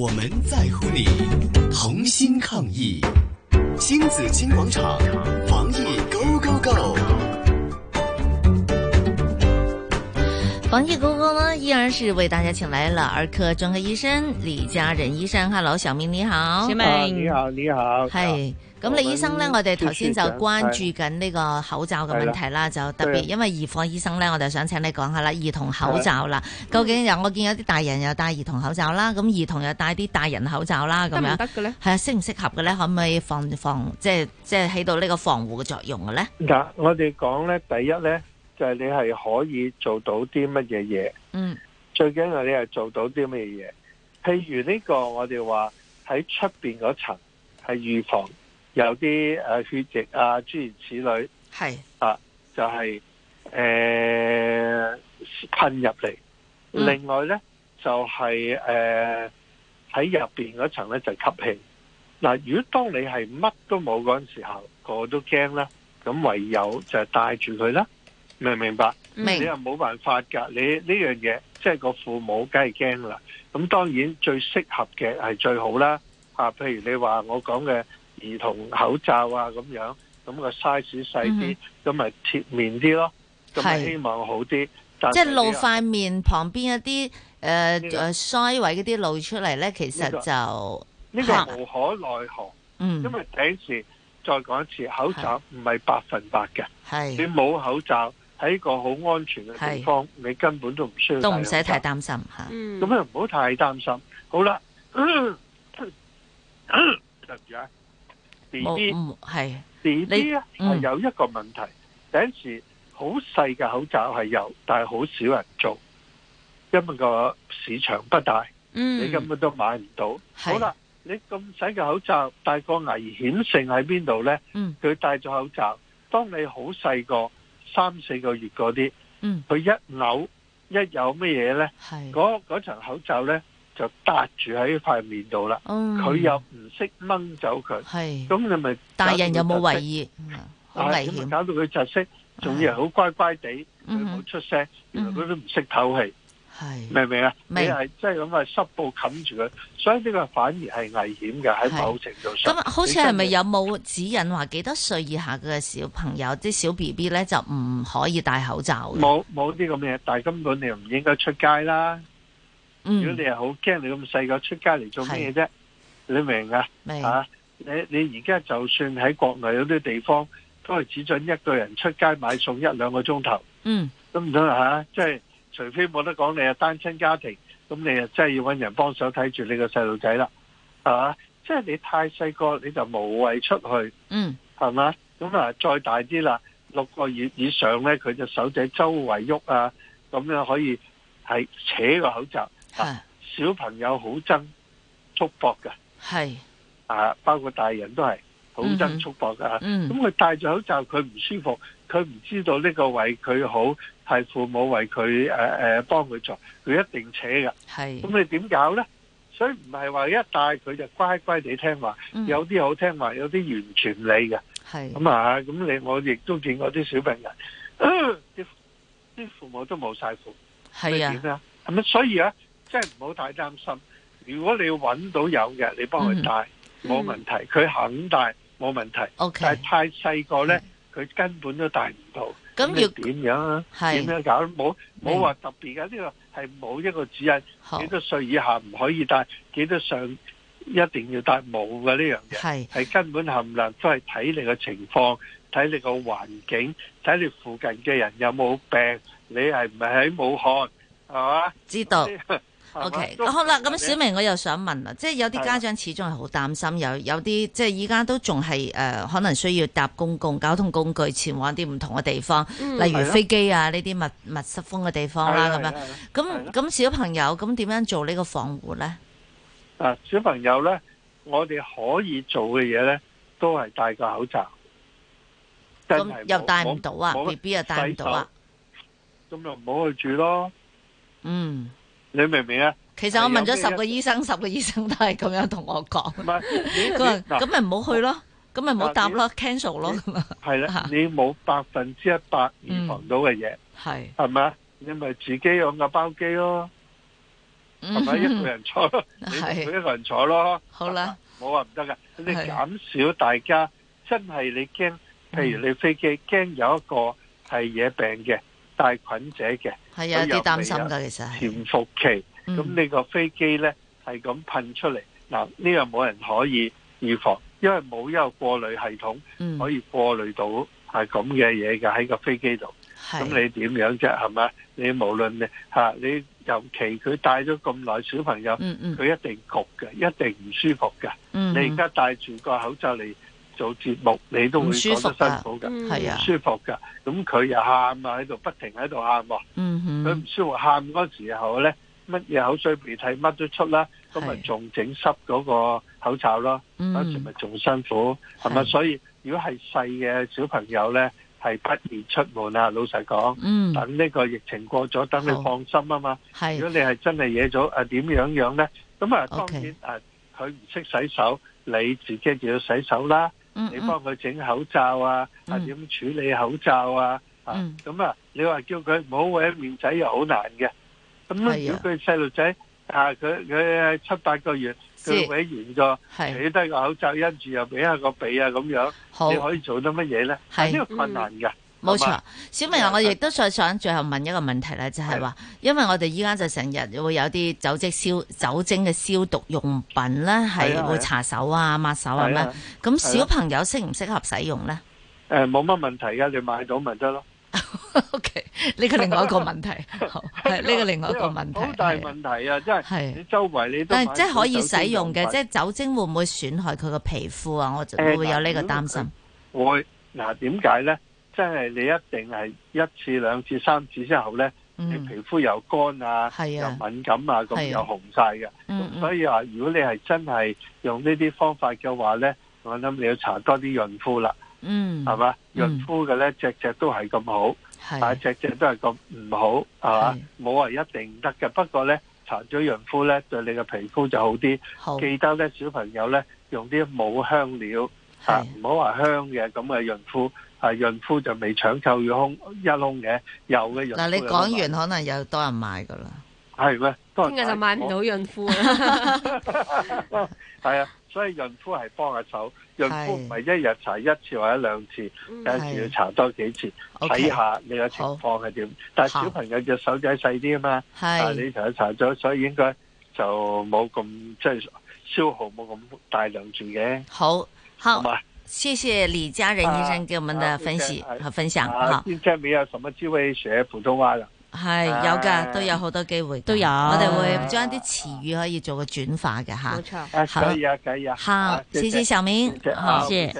我們在乎你，同心抗疫，親子金廣場，防疫 go go go。黃姐哥哥呢，依然是為大家請來了兒科專科醫生李家仁醫生。Hello 小明你好，小明、啊，你好，你好，嗨！咁李醫生呢，我哋頭先就關注緊呢個口罩嘅問題啦，就特別因為兒科醫生呢，我就想請你講下啦，兒童口罩啦，究竟有我見有啲大人又戴兒童口罩啦，咁兒童又戴啲大人口罩啦，咁樣得唔得嘅咧？係啊，適唔適合嘅咧？可唔可,可,可以防防,防，即係即係起到呢個防護嘅作用嘅咧？嗱，我哋講咧，第一咧。嗯就係、是、你係可以做到啲乜嘢嘢，嗯，最緊要你係做到啲乜嘢嘢，譬如呢個我哋話喺出邊嗰層係預防有啲誒血液啊諸如此類、啊，係啊就係誒噴入嚟，呃、另外咧就係誒喺入邊嗰層咧就是、吸氣，嗱如果當你係乜都冇嗰陣時候，個個都驚啦，咁唯有就係帶住佢啦。明白明白，你又冇辦法噶。你呢樣嘢，即係個父母怕，梗係驚啦。咁當然最適合嘅係最好啦。啊，譬如你話我講嘅兒童口罩啊，咁樣咁、咁個 size 細啲，咁咪貼面啲咯，咁希望好啲。即係露塊面旁邊一啲誒誒腮位嗰啲露出嚟咧，其實、這個、就呢、是這個這個無可奈何。嗯，因為第一次再講一次，是口罩唔係百分百嘅。係你冇口罩。喺個好安全嘅地方，你根本都唔需要都唔使太擔心吓。咁啊，唔好太擔心。好啦，對唔住啊，B B 係 B B 咧，係有一個問題，第陣時，好細嘅口罩係有，但係好少人做，因為個市場不大，你根本都買唔到。好啦，你咁細嘅口罩，但係個危險性喺邊度咧？嗯，佢戴咗口罩，當你好細個。三四個月嗰啲，佢、嗯、一扭一有乜嘢咧，嗰嗰層口罩咧就搭住喺塊面度啦。佢、嗯、又唔識掹走佢，咁你咪大人有冇懷疑，好危險，搞到佢窒息，仲要係好乖乖地，佢冇出聲、嗯，原來佢都唔識透氣。明唔明啊？你係即係咁啊，濕布冚住佢，所以呢個反而係危險嘅，喺某程度上。咁好似係咪有冇指引話幾多歲以下嘅小朋友，啲小 B B 咧就唔可以戴口罩嘅？冇冇啲咁嘅嘢，但係根本你又唔應該出街啦。嗯、如果你係好驚，你咁細個出街嚟做咩啫？你明啊？啊，你你而家就算喺國內有啲地方都係只准一個人出街買餸一兩個鐘頭。嗯，都唔得吓，即、啊、係。就是除非冇得講，你係單親家庭，咁你又真係要揾人幫手睇住你個細路仔啦，係嘛？即係你太細個你就無謂出去，嗯，係嘛？咁啊再大啲啦，六個月以上呢佢隻手仔周圍喐啊，咁樣可以係扯個口罩。啊、小朋友好憎束縛嘅，係啊，包括大人都係。好憎束縛噶，咁、mm-hmm. 佢、mm-hmm. 戴咗口罩，佢唔舒服，佢唔知道呢個為佢好，係父母為佢誒誒幫佢做，佢一定扯噶係，咁你點搞咧？所以唔係話一戴佢就乖乖地聽話，mm-hmm. 有啲好聽話，有啲完全唔理嘅。係，咁啊，咁你我亦都見過啲小病人，啲、呃、啲父母都冇晒苦。係啊，點啊，係咪？所以啊，即係唔好太擔心。如果你揾到有嘅，你幫佢戴，冇、mm-hmm. 問題。佢、mm-hmm. 肯戴。冇問題，okay, 但係太細個呢，佢根本都帶唔到。咁要點樣啊？點樣搞？冇，冇話特別嘅呢、呢個係冇一個指引，幾多歲以下唔可以帶，幾多歲一定要帶，冇嘅呢樣嘢。係、呢個、根本冚唪唥都係睇你嘅情況，睇你個環境，睇你附近嘅人有冇病。你係唔係喺武漢係嘛？知道。 嗯、o、okay, K，好啦，咁小明我又想問啦，即係有啲家長始終係好擔心，有有啲即係依家都仲係誒，可能需要搭公共交通工具前往啲唔同嘅地方、嗯，例如飛機啊呢啲密密實封嘅地方啦咁樣。咁咁小朋友咁點樣做呢個防護咧？啊，小朋友咧，我哋可以做嘅嘢咧，都係戴個口罩。咁又戴唔到啊？B B 又戴唔到啊？咁又唔好去住咯。嗯。你明唔明啊？其實我問咗十個醫生，十個醫生都係咁樣同我講。佢話：咁咪唔好去咯，咁咪唔好搭咯，cancel 咯。係啦，你冇百分之一百預防到嘅嘢，係係咪？你咪自己用個包機咯，係咪一個人坐？你咪一個人坐咯。好啦，冇話唔得㗎。你減少大家，真係你驚，譬如你飛機驚有一個係惹病嘅。帶菌者嘅，係有啲擔心嘅，其實是潛伏期，咁你個飛機咧係咁噴出嚟，嗱呢樣冇人可以預防，因為冇一個過濾系統可以過濾到係咁嘅嘢嘅喺個飛機度，咁你點樣啫？係咪？你無論、啊、你嚇你，尤其佢戴咗咁耐小朋友，佢、嗯嗯、一定焗嘅，一定唔舒服嘅、嗯嗯。你而家戴住個口罩嚟。做節目你都會講得辛苦噶，唔舒服噶，咁佢、啊、又喊啊喺度，不停喺度喊，佢、嗯、唔舒服喊嗰個時候咧，乜嘢口水鼻涕乜都出啦，咁咪仲整濕嗰個口罩咯，嗰、嗯、時咪仲辛苦，係咪？所以如果係細嘅小朋友咧，係不宜出門啊。老實講、嗯，等呢個疫情過咗，等你放心啊嘛。如果你係真係惹咗誒點樣樣咧，咁啊當然誒佢唔識洗手，你自己就要洗手啦。你幫佢整口罩啊？嗯、啊，點處理口罩啊？嗯、啊，咁啊，你話叫佢唔好搲面仔又好難嘅。咁如果佢細路仔啊，佢佢、啊啊、七八個月佢搲完咗，你得個口罩跟住又俾下一個鼻啊咁樣，你可以做到乜嘢咧？係呢、啊這個困難嘅。冇錯，小明啊，我亦都再想最後問一個問題咧，就係話，因為我哋依家就成日會有啲酒精消酒精嘅消毒用品咧，係會搽手啊、抹手啊咁，咁小朋友適唔適合使用咧？誒，冇乜問題噶，你買到咪得咯。OK，呢個另外一個問題好，呢個另外一個問題，好、這個、問題 大問題啊，真係。係你周圍你都但係即係可以使用嘅，即係酒精會唔會損害佢個皮膚啊？我會有呢個擔心。會嗱，點解咧？真係你一定係一次、兩次、三次之後咧，你、嗯、皮膚又乾啊，啊，又敏感啊，咁、啊、又紅晒嘅。嗯、咁所以話，如果你係真係用呢啲方法嘅話咧，我諗你要搽多啲潤膚啦。嗯，係嘛？潤膚嘅咧，隻、嗯、隻都係咁好，但係隻隻都係咁唔好，係嘛？冇話一定唔得嘅。不過咧，搽咗潤膚咧，對你嘅皮膚就好啲。記得咧，小朋友咧，用啲冇香料。啊，唔好話香嘅，咁啊潤膚，啊潤膚就未搶購，要空一窿嘅，有嘅潤。嗱，你講完可能有多人買噶啦。係咩？今日就買唔到潤膚啊？係 啊，所以潤膚係幫下手，潤膚唔係一日搽一次或者兩次，有陣時要搽多幾次，睇下你嘅情況係點。但係小朋友隻手仔細啲啊嘛，係你成日搽咗，所以應該就冇咁即係消耗冇咁大量住嘅。好。好，謝謝李家仁醫生給我們的分析和分享。好，現、啊、在、啊、沒有什麼機會學普通話係、哎，都有好多機會，都、哎、有。我哋會將啲詞語可以做個轉化嘅吓。冇、啊、錯。可、啊、以啊，可以啊。好，啊、謝謝